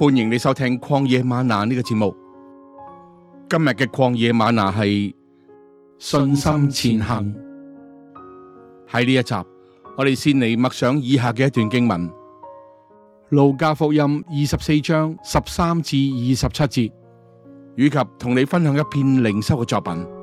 歡迎你收聽曠野嗎哪呢、這個節目。今日嘅曠野嗎哪係，信心前行，喺呢一集，我哋先嚟默想以下嘅一段經文，《路加福音》二十四章十三至二十七節，以及同你分享一篇靈修嘅作品。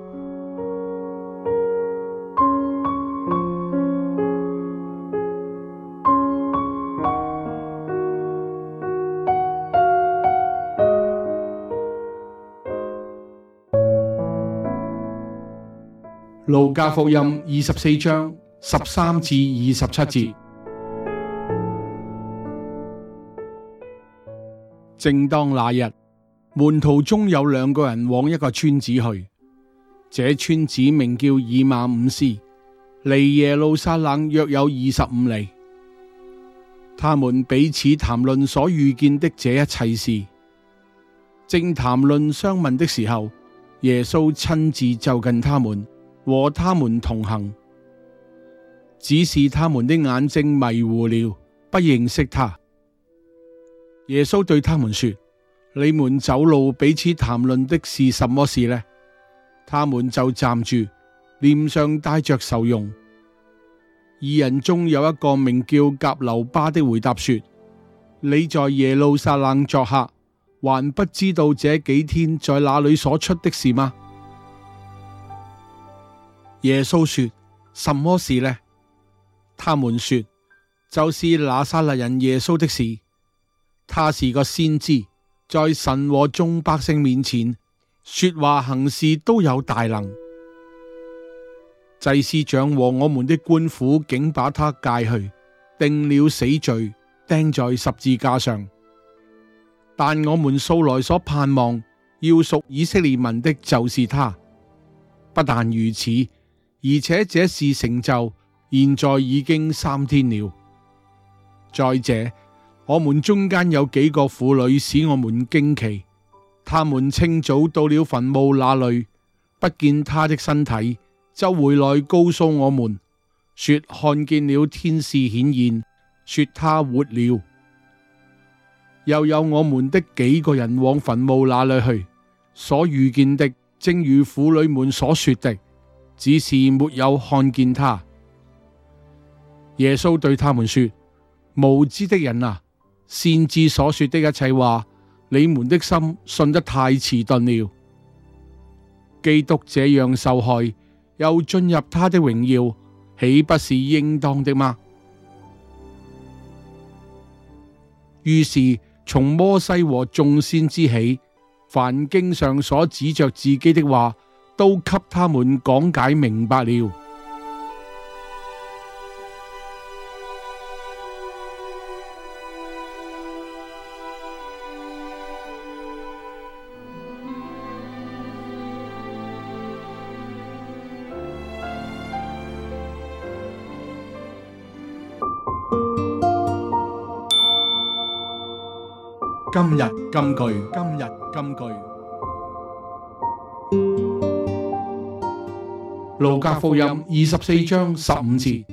路加福音二十四章十三至二十七節。正當那日，門徒中有兩個人往一個村子去，這村子名叫以馬五斯，離耶路撒冷約有二十五里。他們彼此談論所遇見的這一切事，正談論相問的時候，耶穌親自就近他們。和他們同行，只是他們的眼睛迷糊了，不認識他。耶穌對他們說：你們走路彼此談論的是什麼事呢？他們就站住，臉上帶着愁容。二人中有一個名叫革流巴的，回答說：你在耶路撒冷作客，還不知道這幾天在那裏所出的事嗎？耶穌說：什麼事呢？他們說，就是拿撒勒人耶穌的事。他是個先知，在神和眾百姓面前說話行事都有大能。祭司長和我們的官府竟把他解去，定了死罪，釘在十字架上。但我們素來所盼望，要贖以色列民的，就是他。不但如此。而且這事成就，現在已經三天了。再者，我們中間有幾個婦女使我們驚奇，他們清早到了墳墓那裏，不見她的身體，就回來告訴我們，說看見了天使顯現，說她活了。又有我們的幾個人往墳墓那裏去，所遇見的正如婦女們所說的。只是沒有看見他。耶穌對他們說：無知的人啊，先知所說的一切話，你們的心信得太遲鈍了。基督這樣受害，又進入他的榮耀，豈不是應當的嗎？於是從摩西和眾先知起，凡經上所指着自己的話，都給他們講解明白了。今日金句，今日金句。路加福音二十四章十五節，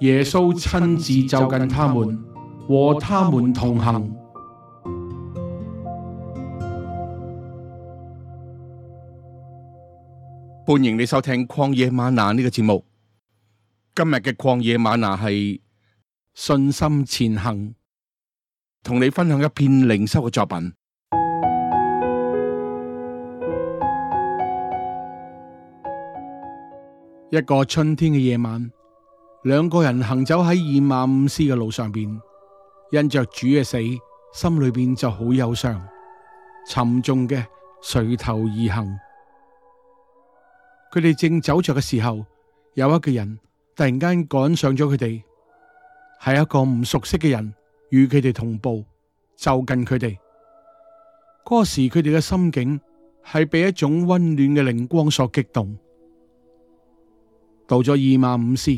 耶穌親自就近他們，和他們同行。歡迎你收聽曠野嗎哪呢個這個節目。今日嘅曠野嗎哪係信心前行，同你分享一篇靈修嘅作品。一個春天嘅夜晚，兩個人行走喺以馬忤斯嘅路上邊，因着主嘅死，心裏邊就好憂傷，沉重嘅垂頭而行。佢哋正走着嘅時候，有一個人突然間趕上咗佢哋，係一個唔熟悉嘅人，與佢哋同步，就近佢哋。嗰、那個、時佢哋嘅心境係被一種温暖嘅靈光所激動。到咗以馬忤斯，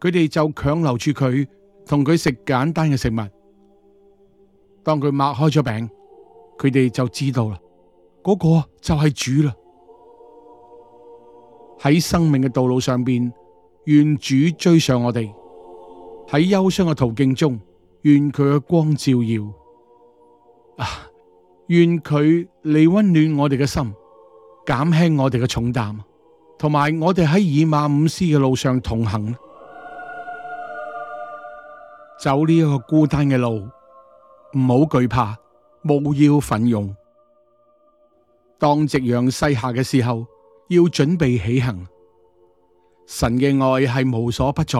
佢哋就強留住佢，同佢食簡單嘅食物。當佢擘開咗餅，佢哋就知道啦，嗰個就係主啦。喺生命嘅道路上邊，願主追上我哋；喺憂傷嘅途徑中，願佢嘅光照耀；啊，願佢嚟溫暖我哋嘅心，減輕我哋嘅重擔。同埋我哋喺以馬忤斯嘅路上同行，走呢一個孤單嘅路，唔好懼怕，務要奮勇。當夕陽西下嘅時候，要準備起行。神嘅愛係無所不在，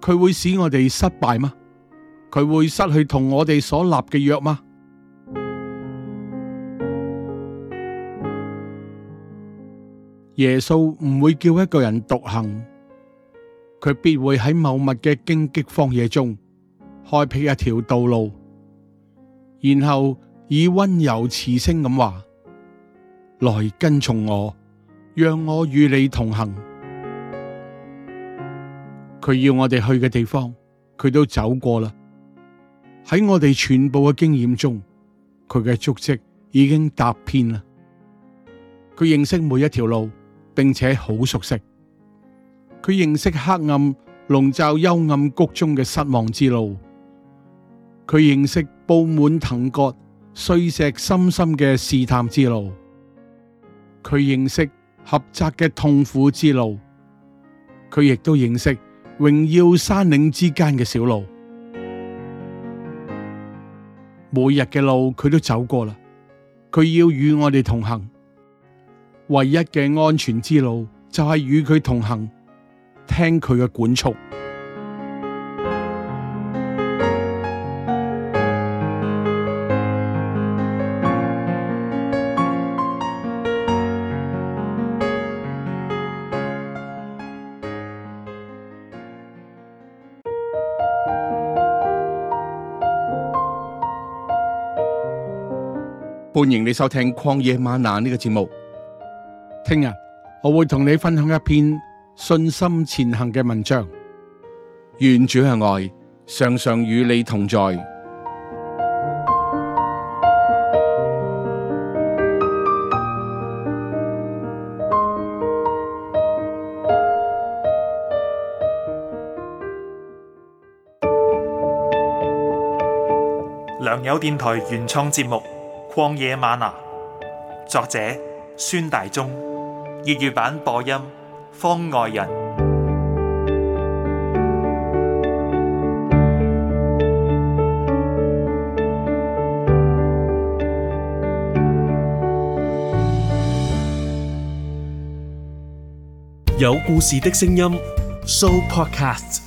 佢會使我哋失敗嗎？佢會失去同我哋所立嘅約嗎？耶穌唔會叫一個人獨行，佢必會喺茂密嘅荊棘荒野中開闢一條道路，然後以溫柔慈聲咁話：「來跟從我，讓我與你同行。」佢要我哋去嘅地方，佢都走過啦。喺我哋全部嘅經驗中，佢嘅足跡已經踏遍啦。佢認識每一條路。並且好熟悉，佢認識黑暗籠罩幽暗谷中嘅失望之路，佢認識布滿藤葛碎石深深嘅試探之路，佢認識狹窄嘅痛苦之路，佢亦都認識榮耀山嶺之間嘅小路。每日嘅路佢都走過啦，佢要與我哋同行。唯一嘅安全之路就係與佢同行，聽佢嘅管束。歡迎你收聽《曠野嗎哪》呢、這個節目。聽日我會同你分享一篇信心前行嘅文章，願主嘅愛常常與你同在。良友電台原創節目《曠野嗎哪》，作者孫大中。粵語版播音，方外人。有故事的聲音，Show Podcast。